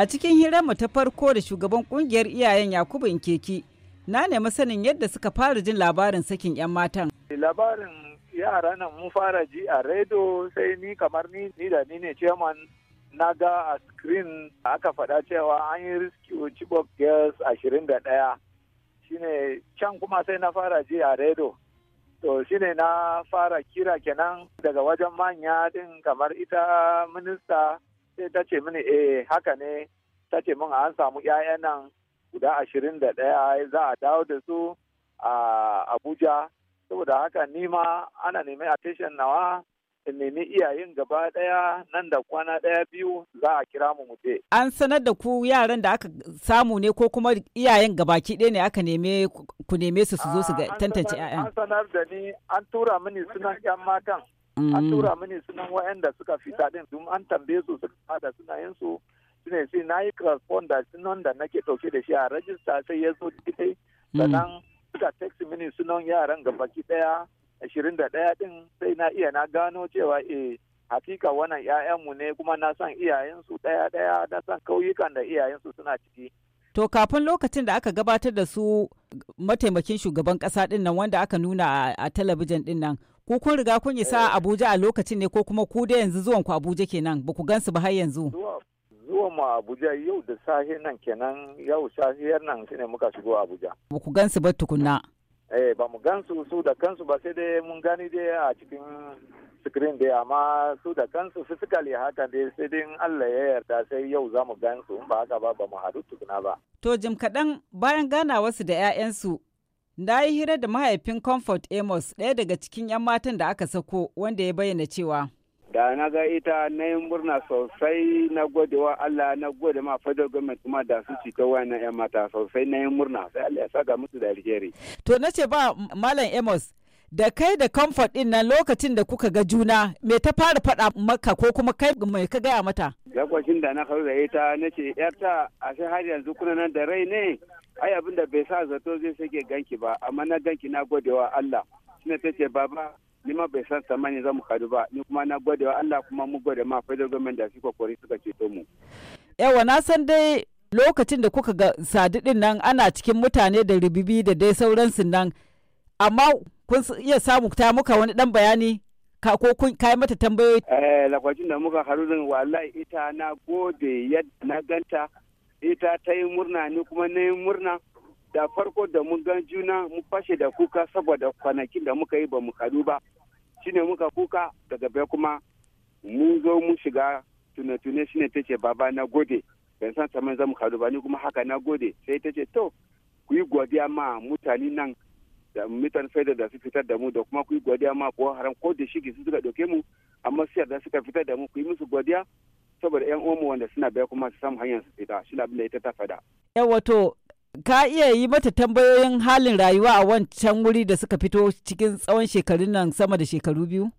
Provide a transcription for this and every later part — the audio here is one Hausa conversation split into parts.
A cikin hirarmu ta farko da shugaban kungiyar iyayen Yakubu inkeki na nemi sanin yadda suka fara jin labarin sakin 'yan matan. Labarin yara nan mun fara ji a redo sai ni kamar ni ni da ni ne chairman na ga a screen aka faɗa cewa an yi rescue chibok girls ashirin da ɗaya shine can kuma sai na fara ji a redo to shine na fara kira kenan daga wajen manya din kamar ita minista sai ta ce mini eh haka ne ta ce min an samu 'ya'yan nan guda ashirin da ɗaya za a dawo da su a abuja saboda haka nima ana neman attention nawa in nemi iyayen gaba ɗaya nan da kwana ɗaya biyu za a kira mu mutu an sanar da ku yaran da aka samu ne ko kuma iyayen gabaki ɗaya ne aka neme ku neme su su zo su tantance 'ya'yan an sanar da ni an tura mini sunan 'yan matan an mm. tura mini sunan wa'anda suka fita din sun an tambaye su suka fada sunayen su sune sai na yi da sunan da nake ɗauke da shi a rajista sai ya zo dai mm. sannan suka taxi mini sunan yaran ga baki daya ashirin da ɗaya ɗin sai na iya na gano cewa e hakika wannan mu ne kuma na san iyayensu ɗaya ɗaya na san kauyukan da iyayensu suna ciki. To kafin lokacin da aka gabatar da su mataimakin shugaban kasa ɗin wanda aka nuna a, talabijin ɗin ko kun riga kun yi sa eh. Abuja a lokacin ne ko kuma ku da yanzu zuwan ku Abuja kenan ba ku gansu ba har yanzu zuwa mu Abuja yau da safe nan kenan yau safiyar nan shine muka shigo Abuja ba ku gansu ba tukunna eh ba mu gansu su da kansu ba sai dai mun gani dai a cikin screen dai amma su da kansu physically haka dai sai dai Allah ya yarda sai yau za mu gansu in ba haka ba ba mu haɗu tukuna ba. To jim kaɗan bayan ganawarsu da 'ya'yansu Na yi hira da mahaifin Comfort Amos ɗaya daga cikin 'yan matan da aka sako wanda ya bayyana cewa. Da na ga ita na yi murna sosai na gode wa Allah na gode ma fadar gwamnati kuma da su ta na 'yan mata sosai na yi murna sai Allah ya saka musu da alheri. To na ce ba Malam Amos da kai da comfort din nan lokacin da kuka ga juna me ta fara faɗa maka ko kuma kai mai ka gaya mata lokacin da na kawo da ita na ce yarta a sai har yanzu kuna nan da rai ne ai abin da bai sa zato zai sake ganki ba amma na ganki na godewa Allah shine tace baba ni ma bai san tsammani za mu kadu ba ni kuma na godewa Allah kuma mu gode ma fadar gwamnati da suka kori suka ceto mu yawa na san dai lokacin da kuka ga sadu din nan ana cikin mutane da ribibi da dai sauransu nan amma kun iya samu ta muka wani dan bayani ka ko kun kai mata tambayoyi eh lokacin da muka haru din wallahi ita na gode yadda na ganta ita ta yi murna ni kuma na yi murna da farko da mun gan juna mu fashe da kuka saboda kwanakin da muka yi ba mu kadu ba shine muka kuka daga bai kuma mun zo mun shiga tunatune shine ta ce baba na gode ban san saman zamu kadu ba ni kuma haka na gode sai ta ce to ku yi godiya ma mutane nan da mitan faida da su fitar da mu da kuma ku yi godiya ma ko haram ko da su suka ɗauke mu amma siyar da suka fitar da mu ku yi musu godiya saboda yan uwanmu wanda suna baya kuma su samu hanyar su fita shi abin da ita ta fada. wato ka iya yi mata tambayoyin halin rayuwa a wancan wuri da suka fito cikin tsawon shekarun nan sama da shekaru biyu?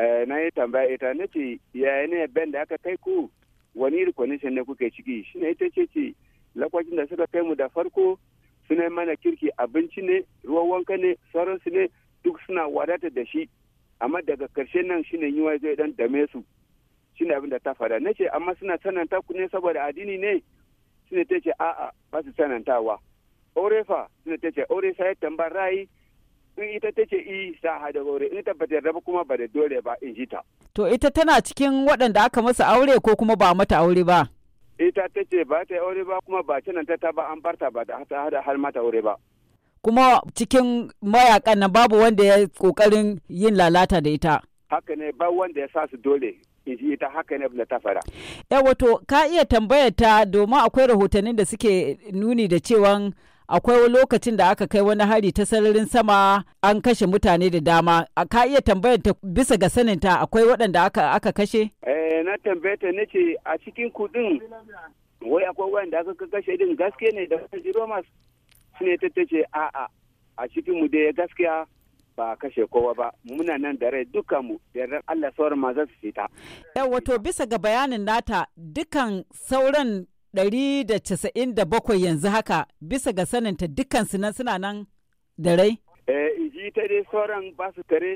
Eh, na yi tambaya ita na ce yaya ne ben da aka kai ku wani iri ne kuke ciki shi ne ita ce ce lokacin da suka kai mu da farko suna mana kirki abinci ne ruwan wanka ne sauransu ne duk suna wadata da shi amma daga karshe nan shi ne yiwa zai dan dame su shine abin da ta faɗa ce amma suna sananta ku ne saboda addini ne shine ta ce a'a ba su sanantawa aure fa shine ta ce aure ya tambar rai in ita ta ce i sa hada aure in tabbata bata ba kuma ba da dole ba in jita. ta to ita tana cikin waɗanda aka masa aure ko kuma ba mata aure ba ita ta ce ba ta aure ba kuma ba canan ta ta ba an barta ba ta hada har mata aure ba kuma cikin mayakan nan babu wanda ya kokarin yin lalata da ita haka ne ba wanda ya sa su dole ita haka ne ta fara. Ya wato ka iya tambayar ta domin akwai rahotannin da suke nuni da cewa akwai lokacin da aka kai wani hari ta sararin sama an kashe mutane da dama ka iya tambayar ta bisa ga saninta akwai waɗanda aka, aka kashe? Eh, na tambayata na ce a cikin kudin wai akwai waɗanda aka kashe din gaske ne da wani jiro masu ne ta ce a'a a cikin mu dai gaskiya ba kashe kowa ba muna nan da rai dukanmu da Allah sauran ma za su fita. Yau wato bisa ga bayanin nata dukan sauran 197 yanzu haka bisa ga saninta dukkan su nan suna nan da rai? Eh, ji ta dai sauran ba su tare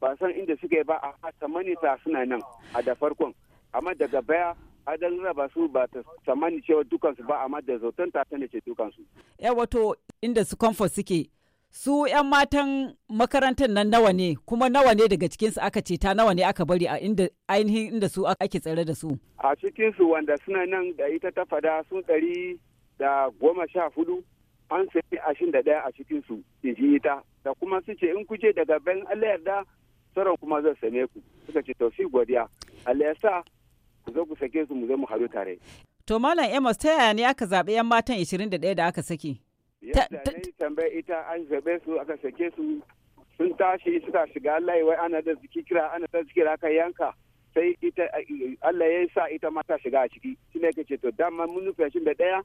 ba san inda suke ba a ta suna nan a da farkon amma daga baya adalin raba su ba ta samani cewa dukansu ba amma da zautan ta tana ce dukansu. Ya wato inda su comfort suke su 'yan matan makarantar nan nawa ne kuma nawa ne daga cikinsu aka ta nawa ne aka bari a inda ainihin inda su ake tsare da su a cikinsu wanda suna nan da ita ta fada sun ɗari da goma sha hudu an sai ashirin da ɗaya a cikinsu in ji ita da kuma su ce in kuje daga bayan allah yarda sauran kuma zan same ku suka ce to godiya allah ya sa ku zo ku sake su mu zo mu haɗu tare to malam amos ta yaya ne aka zaɓi 'yan matan 21 da aka saki yadda na yi tambaya ita an zaɓe su aka sake su sun tashi suka shiga Allah wai ana da ziki kira ana da aka yanka sai ita Allah ya sa ita ma ta shiga a ciki shi ne ce to dama mun nufi shi da ɗaya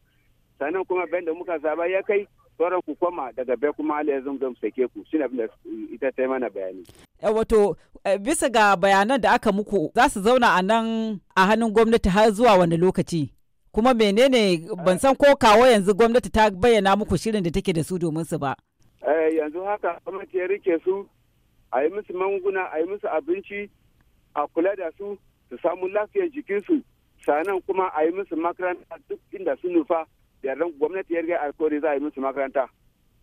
sannan kuma bayan da muka zaba ya kai sauran ku koma daga bai kuma Allah ya zama sake ku shi ne ita ta yi mana bayani. Eh, wato eh, bisa ga bayanan da aka muku za su zauna a nan a hannun gwamnati har zuwa wani lokaci. kuma menene ban san ko kawo yanzu gwamnati ta bayyana muku shirin da take da su domin su ba eh, yanzu haka gwamnati ya rike su a yi musu manguna a yi musu abinci a kula da su su samu lafiyar jikinsu sannan kuma a yi musu makaranta duk inda su nufa yardan gwamnati ya riga alkawari za a yi musu makaranta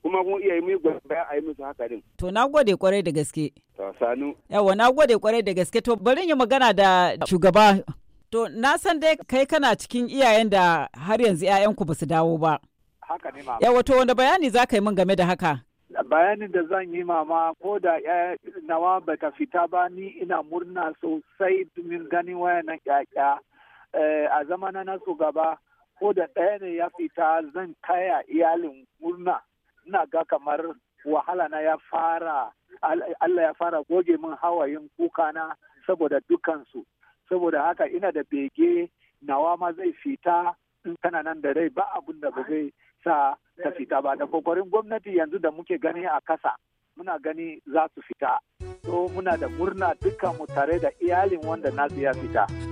kuma kun iya yi mu gwamnati a yi musu haka din. To na gode kwarai da gaske. To sanu. Yawa na gode kwarai da gaske to bari yi magana da shugaba To, na san dai kai kana cikin iyayen da har yanzu 'ya'yanku ba su dawo ba. Haka ne ma. to, wanda bayani za ka yi min game da haka? Bayanin da zan yi mama ko da nawa ba ta fita ba ni ina murna sosai domin ganin na ƴaƴa. Eh, a zamana na su gaba ko da ɗaya ne ya fita zan kaya iyalin murna. Ina ga kamar wahala na ya fara Allah ya fara goge min hawayin kuka na saboda dukansu. saboda haka ina da bege nawa ma zai fita in kana nan da rai ba abun da ba zai sa ta fita ba da kokarin gwamnati yanzu da muke gani a kasa muna gani za su fita to muna da murna dukkan mu tare da iyalin wanda nasu ya fita